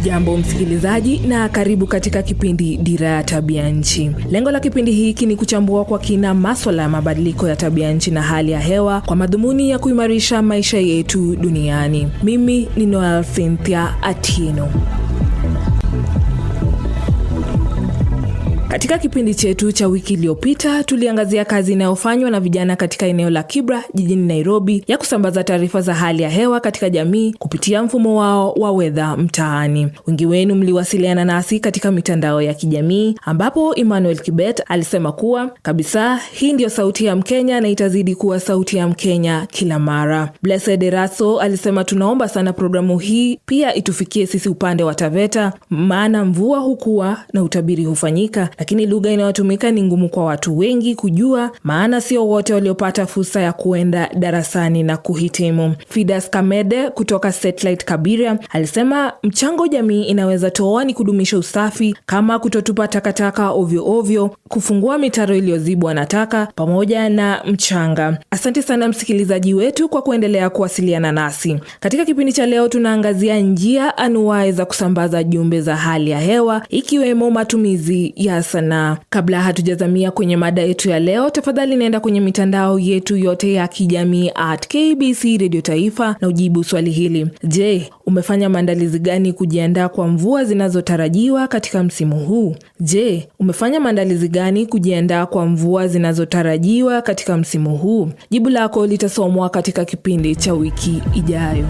Hujambo msikilizaji, na karibu katika kipindi Dira ya Tabia Nchi. Lengo la kipindi hiki ni kuchambua kwa kina maswala ya mabadiliko ya tabia nchi na hali ya hewa kwa madhumuni ya kuimarisha maisha yetu duniani. Mimi ni Noel Cynthia Atieno. Katika kipindi chetu cha wiki iliyopita tuliangazia kazi inayofanywa na vijana katika eneo la Kibra jijini Nairobi ya kusambaza taarifa za hali ya hewa katika jamii kupitia mfumo wao wa wedha mtaani. Wengi wenu mliwasiliana nasi katika mitandao ya kijamii, ambapo Emmanuel Kibet alisema kuwa kabisa hii ndiyo sauti ya Mkenya na itazidi kuwa sauti ya Mkenya kila mara. Blessed Eraso alisema tunaomba sana programu hii pia itufikie sisi upande wa Taveta, maana mvua hukuwa na utabiri hufanyika lakini lugha inayotumika ni ngumu kwa watu wengi kujua, maana sio wote waliopata fursa ya kuenda darasani na kuhitimu. Fidas Kamede kutoka Satellite Kabiria alisema mchango jamii inaweza toa ni kudumisha usafi kama kutotupa takataka ovyo ovyo, kufungua mitaro iliyozibwa na taka pamoja na mchanga. Asante sana msikilizaji wetu kwa kuendelea kuwasiliana nasi katika kipindi cha leo. Tunaangazia njia anuwai za kusambaza jumbe za hali ya hewa ikiwemo matumizi ya sanaa. Kabla hatujazamia kwenye mada yetu ya leo, tafadhali naenda kwenye mitandao yetu yote ya kijamii at KBC Radio Taifa na ujibu swali hili. Je, umefanya maandalizi gani kujiandaa kwa mvua zinazotarajiwa katika msimu huu? Je, umefanya maandalizi gani kujiandaa kwa mvua zinazotarajiwa katika msimu huu? Jibu lako litasomwa katika kipindi cha wiki ijayo.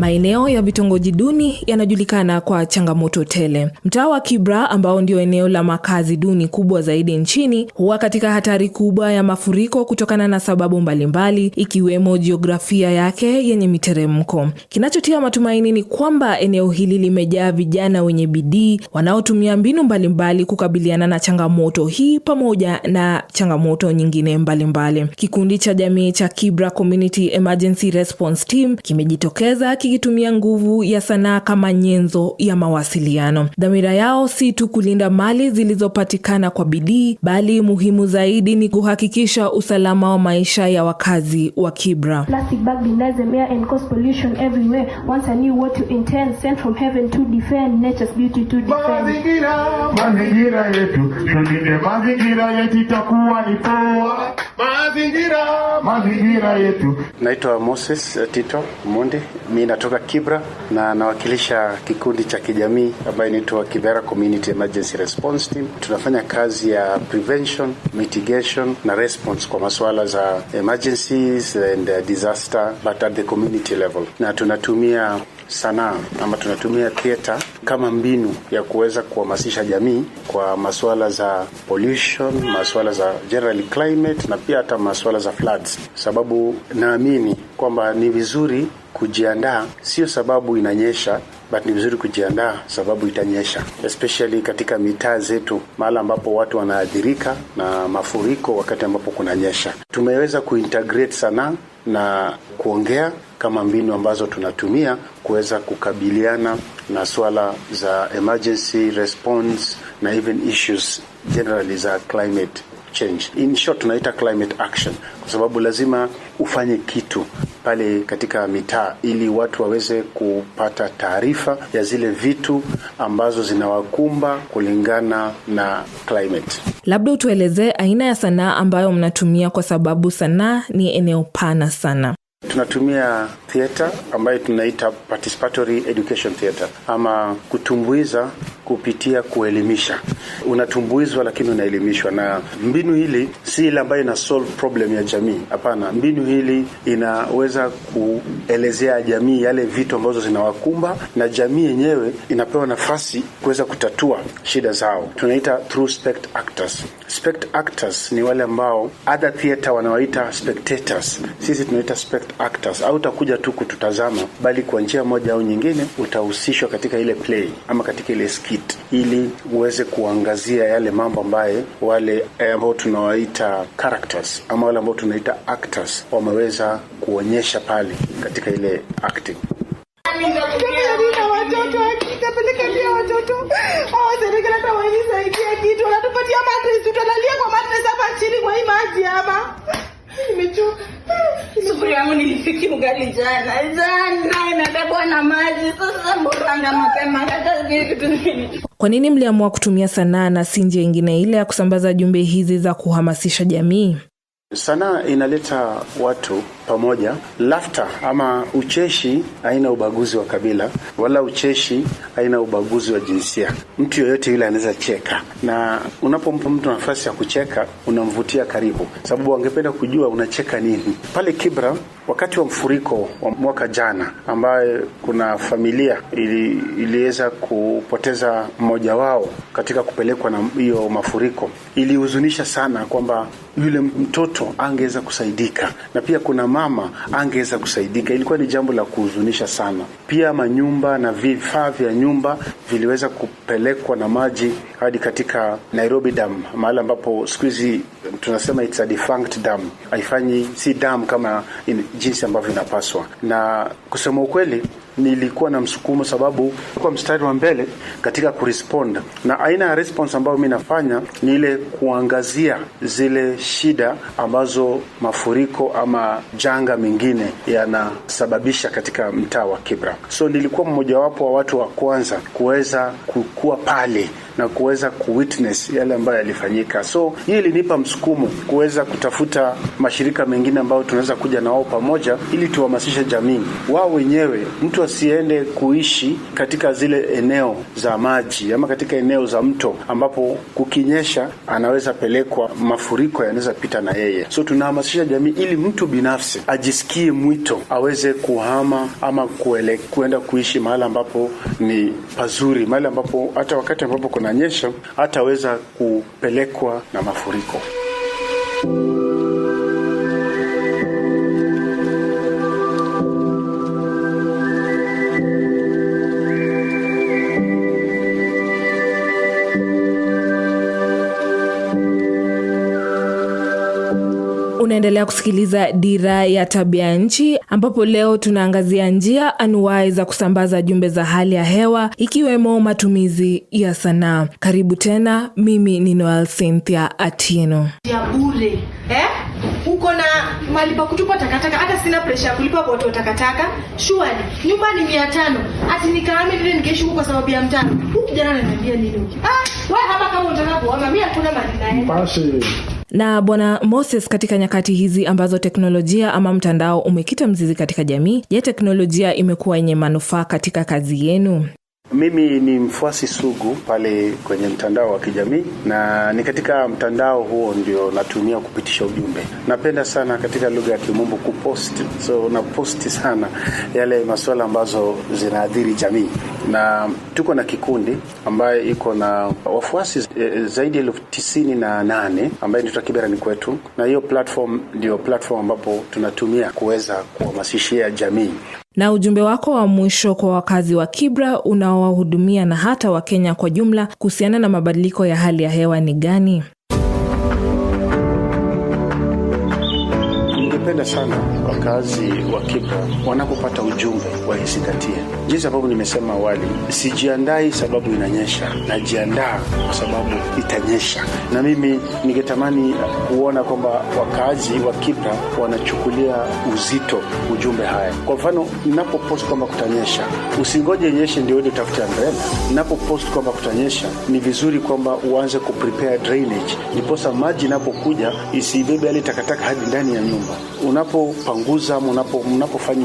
Maeneo ya vitongoji duni yanajulikana kwa changamoto tele. Mtaa wa Kibra ambao ndio eneo la makazi duni kubwa zaidi nchini huwa katika hatari kubwa ya mafuriko kutokana na sababu mbalimbali mbali, ikiwemo jiografia yake yenye miteremko. Kinachotia matumaini ni kwamba eneo hili limejaa vijana wenye bidii wanaotumia mbinu mbalimbali kukabiliana na changamoto hii pamoja na changamoto nyingine mbalimbali mbali. Kikundi cha jamii cha Kibra Community Emergency Response Team kimejitokeza ki ikitumia nguvu ya sanaa kama nyenzo ya mawasiliano. Dhamira yao si tu kulinda mali zilizopatikana kwa bidii, bali muhimu zaidi ni kuhakikisha usalama wa maisha ya wakazi wa Kibra. Mazingira yetu, tulinde mazingira yetu, itakuwa ni poa. Mazingira, mazingira yetu. Naitwa Moses eh, Tito Mundi, mi natoka Kibra na nawakilisha kikundi cha kijamii ambayo inaitwa Kibera Community Emergency Response Team. Tunafanya kazi ya prevention, mitigation na response kwa masuala za emergencies and eh, disaster but at the community level, na tunatumia sanaa ama tunatumia theater kama mbinu ya kuweza kuhamasisha jamii kwa masuala za pollution, masuala za general climate na pia hata masuala za floods, sababu naamini kwamba ni vizuri kujiandaa, sio sababu inanyesha but ni vizuri kujiandaa sababu itanyesha, especially katika mitaa zetu, mahala ambapo watu wanaathirika na mafuriko wakati ambapo kunanyesha. Tumeweza kuintegrate sanaa na kuongea kama mbinu ambazo tunatumia kuweza kukabiliana na swala za emergency response na even issues generally za climate change, in short tunaita climate action, kwa sababu lazima ufanye kitu pale katika mitaa ili watu waweze kupata taarifa ya zile vitu ambazo zinawakumba kulingana na climate. Labda utuelezee aina ya sanaa ambayo mnatumia, kwa sababu sanaa ni eneo pana sana. Tunatumia theatre ambayo tunaita participatory education theatre, ama kutumbuiza kupitia kuelimisha. Unatumbuizwa lakini unaelimishwa, na mbinu hili si ile ambayo ina solve problem ya jamii. Hapana, mbinu hili inaweza kuelezea jamii yale vitu ambazo zinawakumba, na jamii yenyewe inapewa nafasi kuweza kutatua shida zao. Tunaita through spect actors. Spect actors ni wale ambao other theatre wanawaita spectators, sisi tunaita spect actors, au utakuja tu kututazama, bali kwa njia moja au nyingine utahusishwa katika ile play ama katika ile skit, ili uweze kuangazia yale mambo ambaye wale eh, ambao tunawaita characters ama wale ambao tunaita actors wameweza kuonyesha pale katika ile acting yangu nilifiki ugali jana jana, inatakuwa na maji sasa, mbonanga mapema hata sijui vitu Kwa nini mliamua kutumia sanaa na si njia ingine ile ya kusambaza jumbe hizi za kuhamasisha jamii? Sanaa inaleta watu pamoja. Laughter ama ucheshi haina ubaguzi wa kabila wala ucheshi haina ubaguzi wa jinsia. Mtu yoyote yule anaweza cheka, na unapompa mtu nafasi ya kucheka unamvutia karibu, sababu wangependa kujua unacheka nini. Pale Kibra, wakati wa mfuriko wa mwaka jana, ambaye kuna familia ili, iliweza kupoteza mmoja wao katika kupelekwa na hiyo mafuriko, ilihuzunisha sana kwamba yule mtoto angeweza kusaidika, na pia kuna mama angeweza kusaidika. Ilikuwa ni jambo la kuhuzunisha sana. Pia manyumba na vifaa vya nyumba viliweza kupelekwa na maji hadi katika Nairobi Dam, mahali ambapo siku hizi tunasema it's a defunct dam, haifanyi si dam kama in, jinsi ambavyo inapaswa. Na kusema ukweli nilikuwa na msukumo sababu kwa mstari wa mbele katika kurespond, na aina ya response ambayo mimi nafanya ni ile kuangazia zile shida ambazo mafuriko ama janga mengine yanasababisha katika mtaa wa Kibra. So nilikuwa mmojawapo wa watu wa kwanza kuweza kukua pale na kuweza kuwitness yale ambayo yalifanyika. So hii ilinipa msukumo kuweza kutafuta mashirika mengine ambayo tunaweza kuja na wao pamoja, ili tuhamasishe jamii wao wenyewe, mtu asiende kuishi katika zile eneo za maji ama katika eneo za mto ambapo kukinyesha anaweza pelekwa, mafuriko yanaweza pita na yeye. So tunahamasisha jamii ili mtu binafsi ajisikie mwito aweze kuhama ama kuele, kuenda kuishi mahali ambapo ni pazuri, mahali ambapo hata wakati ambapo kuna kunanyesha hataweza kupelekwa na mafuriko. unaendelea kusikiliza Dira ya Tabia Nchi, ambapo leo tunaangazia njia anuwai za kusambaza jumbe za hali ya hewa ikiwemo matumizi ya sanaa. Karibu tena, mimi ni Noel Cynthia Atieno. Ya bure eh? Uko na mali pa kutupa takataka, hata sina presha ya kulipa kwa watu takataka. Shwari, nyumba ni mia tano, ati nikaame vile nikaishi huko kwa sababu ya mtano. Huyu kijana ananiambia nini? Ah, wewe hapa kama unataka kuona mimi hakuna mali naye. Na Bwana Moses, katika nyakati hizi ambazo teknolojia ama mtandao umekita mzizi katika jamii, je, teknolojia imekuwa yenye manufaa katika kazi yenu? Mimi ni mfuasi sugu pale kwenye mtandao wa kijamii na ni katika mtandao huo ndio natumia kupitisha ujumbe. Napenda sana katika lugha ya kimombo kupost, so naposti sana yale masuala ambazo zinaathiri jamii, na tuko na kikundi ambayo iko na wafuasi e, zaidi ya elfu tisini na nane ambaye ndio Kiberani kwetu, na hiyo platform ndio platform ambapo tunatumia kuweza kuhamasishia jamii. Na ujumbe wako wa mwisho kwa wakazi wa Kibra unaowahudumia na hata Wakenya kwa jumla kuhusiana na mabadiliko ya hali ya hewa ni gani? Napenda sana wakazi wa Kibra wanapopata ujumbe waizingatie. Jinsi ambavyo nimesema awali, sijiandai sababu inanyesha, najiandaa kwa sababu itanyesha. Na mimi ningetamani kuona kwamba wakazi wa Kibra wanachukulia uzito ujumbe haya. Kwa mfano, ninapopost kwamba kutanyesha, usingoje nyeshe ndio uje utafute umbrella. Ninapopost kwamba kutanyesha, ni vizuri kwamba uanze kuprepare drainage, ndiposa maji inapokuja isibebe yale takataka hadi ndani ya nyumba unapopanguza ama unapo,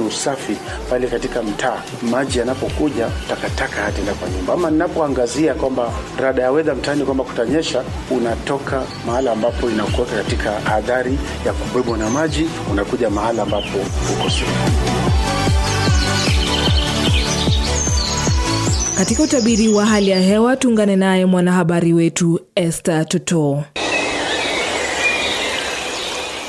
usafi pale katika mtaa, maji yanapokuja takataka hataenda kwa nyumba, ama ninapoangazia kwamba rada ya wedha mtaani kwamba kutanyesha, unatoka mahala ambapo inakuweka katika hadhari ya kubebwa na maji, unakuja mahala ambapo uko katika utabiri wa hali ya hewa tuungane naye mwanahabari wetu Esther Tutoo.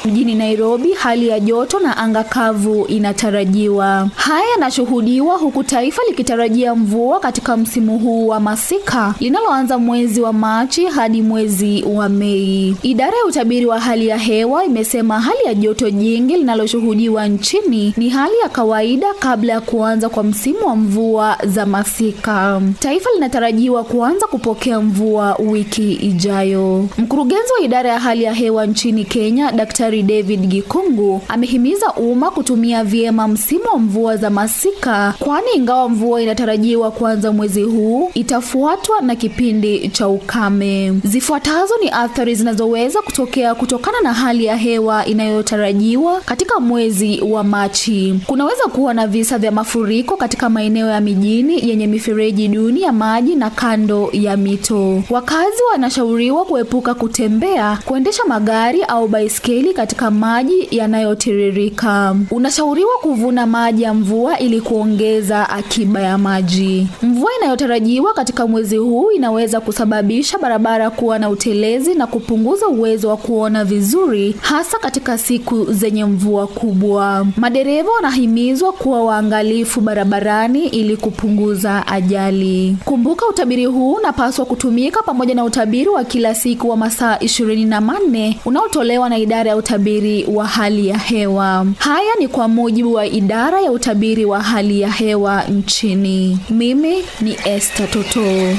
Mjini Nairobi, hali ya joto na anga kavu inatarajiwa. Haya yanashuhudiwa huku taifa likitarajia mvua katika msimu huu wa masika linaloanza mwezi wa Machi hadi mwezi wa Mei. Idara ya utabiri wa hali ya hewa imesema hali ya joto jingi linaloshuhudiwa nchini ni hali ya kawaida kabla ya kuanza kwa msimu wa mvua za masika. Taifa linatarajiwa kuanza kupokea mvua wiki ijayo. Mkurugenzi wa idara ya hali ya hewa nchini Kenya, Daktari Daktari David Gikungu amehimiza umma kutumia vyema msimu wa mvua za masika, kwani ingawa mvua inatarajiwa kuanza mwezi huu itafuatwa na kipindi cha ukame. Zifuatazo ni athari zinazoweza kutokea kutokana na hali ya hewa inayotarajiwa katika mwezi wa Machi. Kunaweza kuwa na visa vya mafuriko katika maeneo ya mijini yenye mifereji duni ya maji na kando ya mito. Wakazi wanashauriwa kuepuka kutembea, kuendesha magari au baiskeli katika maji yanayotiririka. Unashauriwa kuvuna maji ya mvua ili kuongeza akiba ya maji. Mvua inayotarajiwa katika mwezi huu inaweza kusababisha barabara kuwa na utelezi na kupunguza uwezo wa kuona vizuri, hasa katika siku zenye mvua kubwa. Madereva wanahimizwa kuwa waangalifu barabarani ili kupunguza ajali. Kumbuka, utabiri huu unapaswa kutumika pamoja na utabiri wa kila siku wa masaa ishirini na manne unaotolewa na idara ya utabiri utabiri wa hali ya hewa. Haya ni kwa mujibu wa idara ya utabiri wa hali ya hewa nchini. Mimi ni Esther Toto.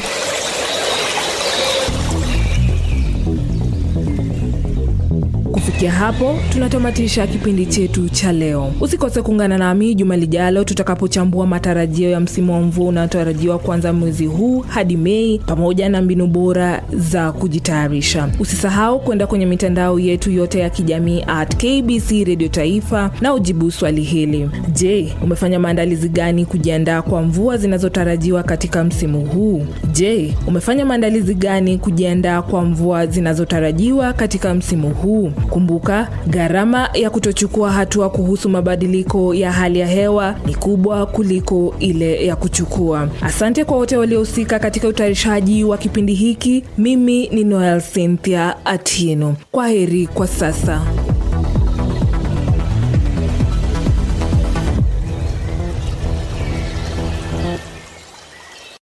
kufikia hapo tunatamatisha kipindi chetu cha leo. Usikose kuungana nami juma lijalo tutakapochambua matarajio ya msimu wa mvua unaotarajiwa kuanza mwezi huu hadi Mei, pamoja na mbinu bora za kujitayarisha. Usisahau kwenda kwenye mitandao yetu yote ya kijamii at KBC Radio Taifa na ujibu swali hili. Je, umefanya maandalizi gani kujiandaa kwa mvua zinazotarajiwa katika msimu huu? Je, umefanya maandalizi gani kujiandaa kwa mvua zinazotarajiwa katika msimu huu? Kumbu kukumbuka, gharama ya kutochukua hatua kuhusu mabadiliko ya hali ya hewa ni kubwa kuliko ile ya kuchukua. Asante kwa wote waliohusika katika utayarishaji wa kipindi hiki. Mimi ni Noel Cynthia Atieno. Kwa heri kwa sasa.